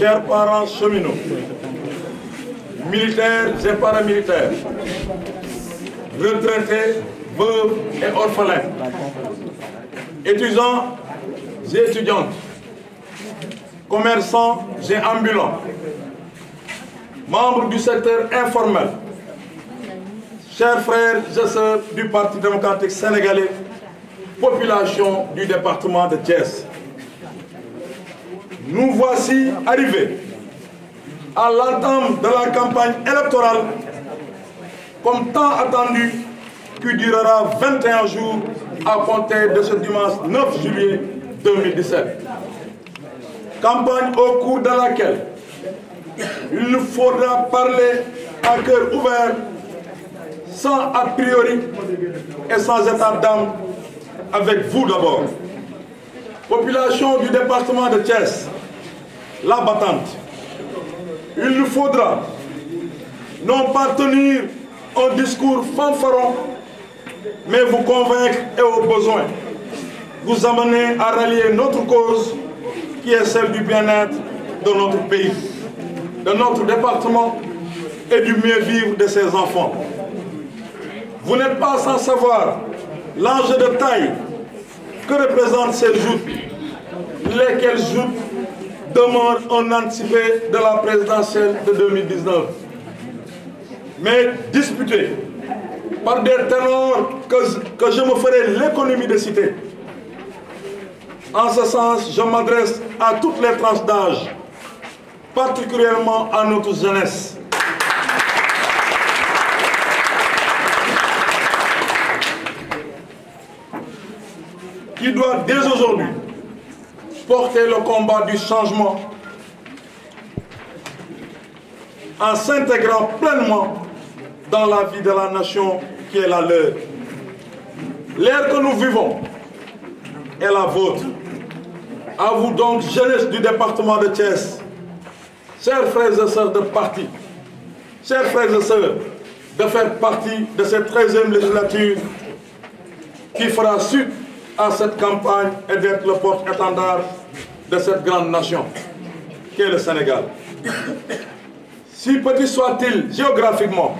chers parents cheminots, militaires et paramilitaires, retraités, veuves et orphelins, étudiants et étudiantes, commerçants et ambulants, membres du secteur informel, chers frères et sœurs du Parti démocratique sénégalais, population du département de Thiès nous voici arrivés à l'entame de la campagne électorale comme tant attendu qui durera 21 jours à compter de ce dimanche 9 juillet 2017. Campagne au cours de laquelle il nous faudra parler à cœur ouvert, sans a priori et sans état d'âme, avec vous d'abord. Population du département de Thiès, la battante. Il nous faudra non pas tenir un discours fanfaron, mais vous convaincre et au besoin, vous amener à rallier notre cause qui est celle du bien-être de notre pays, de notre département et du mieux vivre de ses enfants. Vous n'êtes pas sans savoir l'âge de taille que représentent ces joutes, lesquelles joutes Demande en anticipé de la présidentielle de 2019, mais disputée par des ténors que, que je me ferai l'économie de citer. En ce sens, je m'adresse à toutes les tranches d'âge, particulièrement à notre jeunesse. Qui doit dès aujourd'hui porter le combat du changement en s'intégrant pleinement dans la vie de la nation qui est la leur. L'ère que nous vivons est la vôtre. À vous donc, jeunesse du département de Thiès, chers frères et sœurs de parti, chers frères et sœurs, de faire partie de cette 13e législature qui fera suite à cette campagne et d'être le porte-étendard de cette grande nation qu'est le Sénégal. Si petit soit-il géographiquement,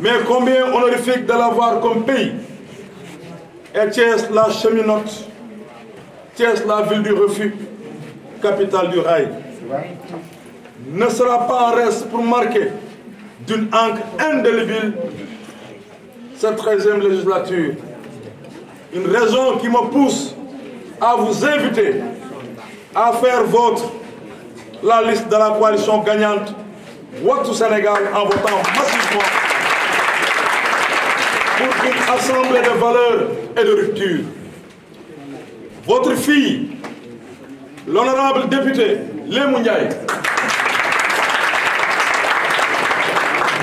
mais combien honorifique de l'avoir comme pays. Et Thiès, la cheminote, Thiès, la ville du refus, capitale du rail, ne sera pas en reste pour marquer d'une encre indélébile cette 13e législature une raison qui me pousse à vous inviter à faire votre la liste de la coalition gagnante Wattu Sénégal en votant massivement pour une assemblée de valeurs et de rupture. Votre fille, l'honorable député Lemouniaï,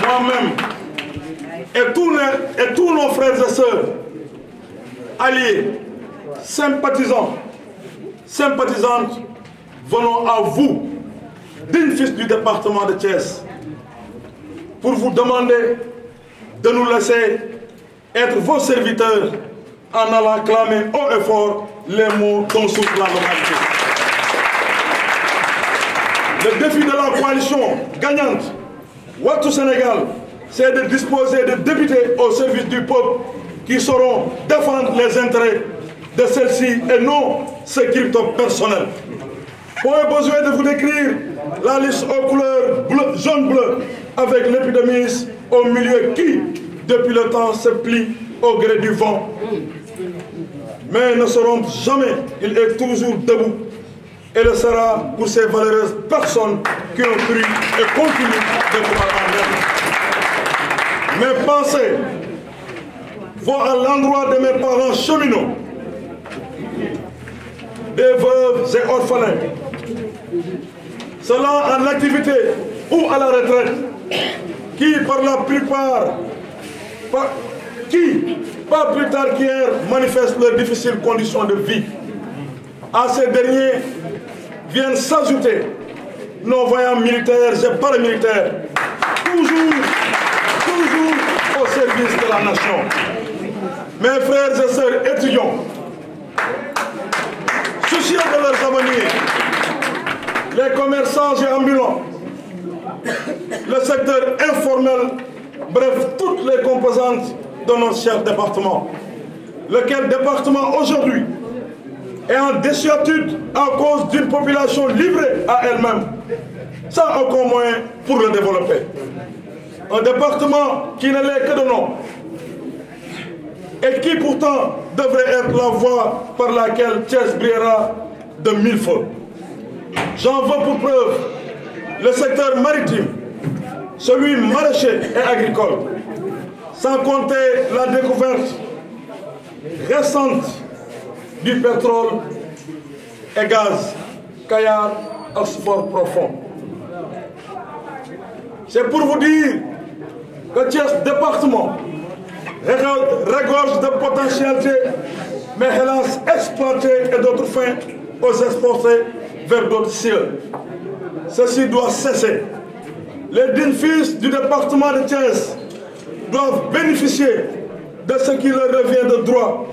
moi-même et, et tous nos frères et sœurs alliés, sympathisants, sympathisantes, venons à vous, d'une fils du département de Thiès, pour vous demander de nous laisser être vos serviteurs en allant clamer haut et fort les mots dont souffre la localité. Le défi de la coalition gagnante, tout Sénégal, c'est de disposer de députés au service du peuple qui sauront défendre les intérêts de celles-ci et non ses cryptos personnels. a besoin de vous décrire la liste aux couleurs jaune-bleu avec l'épidémie au milieu qui, depuis le temps, se plie au gré du vent. Mais ne seront jamais, il est toujours debout. Et le sera pour ces valeureuses personnes qui ont cru et continuent de croire en Mais pensez vont à l'endroit de mes parents cheminots, des veuves et orphelins, cela en activité ou à la retraite, qui par la plupart, qui, pas plus tard qu'hier, manifestent leurs difficiles conditions de vie. À ces derniers viennent s'ajouter nos voyants militaires et paramilitaires, toujours, toujours au service de la nation. Mes frères et sœurs étudiants, soucieux de leurs avenir, les commerçants et ambulants, le secteur informel, bref, toutes les composantes de notre cher département, lequel département aujourd'hui est en déciatude à cause d'une population livrée à elle-même, sans aucun moyen pour le développer. Un département qui ne l'est que de nom, et qui pourtant devrait être la voie par laquelle Thiers brillera de mille fois. J'en veux pour preuve le secteur maritime, celui maraîcher et agricole, sans compter la découverte récente du pétrole et gaz, Kayar, sport profond. C'est pour vous dire que Thiers département regorge de potentialités, mais relance exploité et d'autres fins aux exportés vers d'autres cieux. Ceci doit cesser. Les dignes du département de Thiès doivent bénéficier de ce qui leur revient de droit,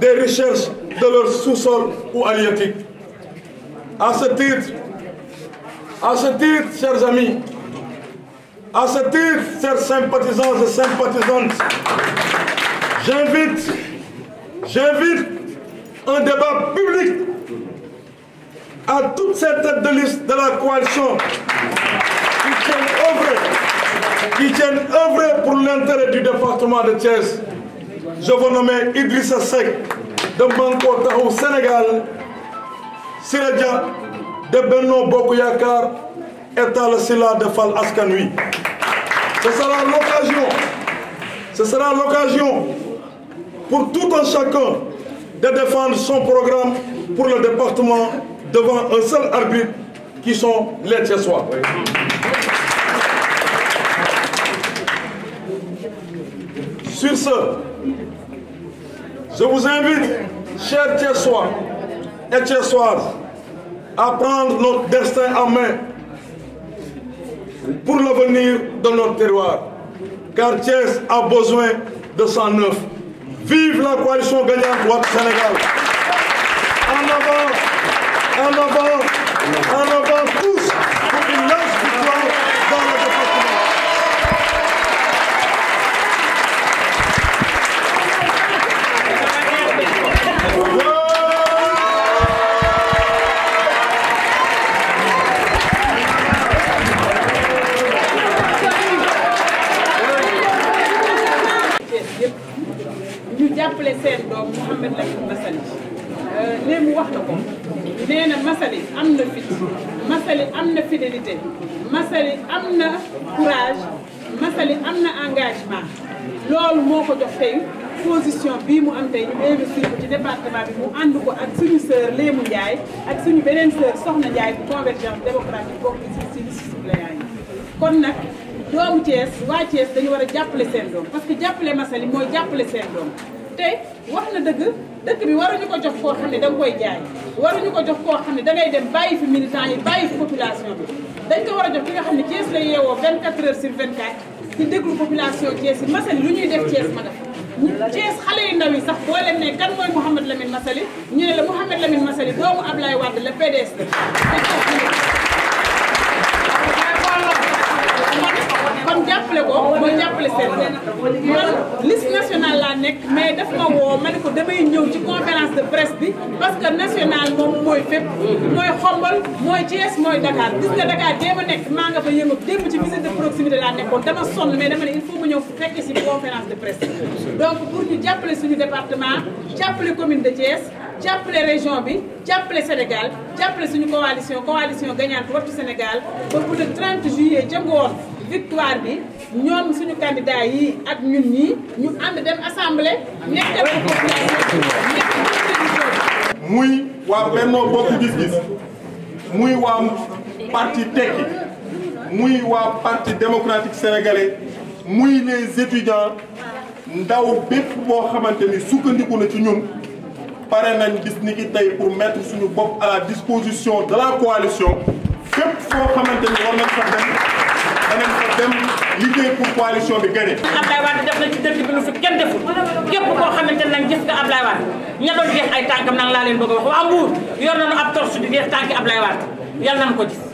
des recherches de leur sous-sol ou halieutique. À ce titre, à ce titre, chers amis, à ce titre, chers sympathisants et sympathisantes, j'invite, j'invite un débat public à toutes ces têtes de liste de la coalition qui tiennent œuvré qui tiennent pour l'intérêt du département de Thiès. Je vous nomme Idrissa Seck de Banco au Sénégal, Sireja de Benno Bokuyakar et Tal de Fal Askanui. Ce sera l'occasion, ce sera l'occasion pour tout un chacun de défendre son programme pour le département devant un seul arbitre qui sont les Tchessois. Sur ce, je vous invite, chers Tchessois et Tchessoises, à prendre notre destin en main pour l'avenir de notre terroir. Car Thiès a besoin de 109. Vive la coalition gagnante droite Sénégal. En avant, en avant. jàppale sen doom Mouhamed Lamine Massaly léegi euh, mu wax na ko nee na Massaly am na fidélité Massaly amna courage Massaly amna engagement lool moo ko jox tay position bi mu am tay ñu investir ko ci département bi mu and ko ak suñu sœur Léemu ndjay ak suñu beneen sœur Soxna ndjay bu convergence démocratique bokk ci si liste suppléant kon nak doomu Thiès wa Thiès dañu wara a sen doom parce que jàppale Massaly mooy jàppale sen doom te wax na dëgg dëkk bi ñu ko jox koo xam ne da nga koy jaay waruñu ko jox koo xam ne da ngay dem bàyyi fi militant yi bàyyi fi population bi dañ ko war a jox ki nga xam ne Thiès la yeewoo 24 heures sur 24 di déglu population Thiès yi Massaly lu ñuy def Thiès ma def Thiès xale yu ndaw yi sax boo leen ne kan mooy Mouhamed Lamine Massaly ñu ne la Mouhamed Lamine Massaly doomu Ablaye Wade la PDS la jàppale ko mooy jàppale seen man liste nationale la nek mais daf ma wo ma ne ko damay ñëw ci conférence de presse bi parce que national mom moy fep moy xombal moy Thiès moy Dakar gis nga Dakar jéem nek ma nga fa yëngatu dem ci visite de proximité la nekkoon dama son mais dama ne il faut ma ñëw fekk ci conférence de presse donc pour ñu jàppale suñu département jàppale commune de Thiès jàppale région bi jàppale Sénégal jàppale suñu coalition coalition gagnante Wattu Sénégal pour bu le 30 juillet jëm woon victoire bi sommes suñu candidat yi ak ñun ñi ñu sommes dem assemblée. nekk ko muy wa Benno nous Gis muy parti Tekki muy wa parti démocratique sénégalais muy les étudiants ndaw bépp boo xamante nous sukkandiku na ci nous pare nañ bis ni ki pour mettre suñu bopp à la disposition de la coalition fépp liggéey pour coalition bi gagné. Ablaye Wade def na ci dëkk bi lu fi kenn deful képp koo xamante ne nag gis nga Ablaye Wade ña doon jeex ay tànkam nag laa leen bëgg a wax waa Mbour na nañu ab torche di jeex tànki Ablaye Wade yàlla nañu ko gis.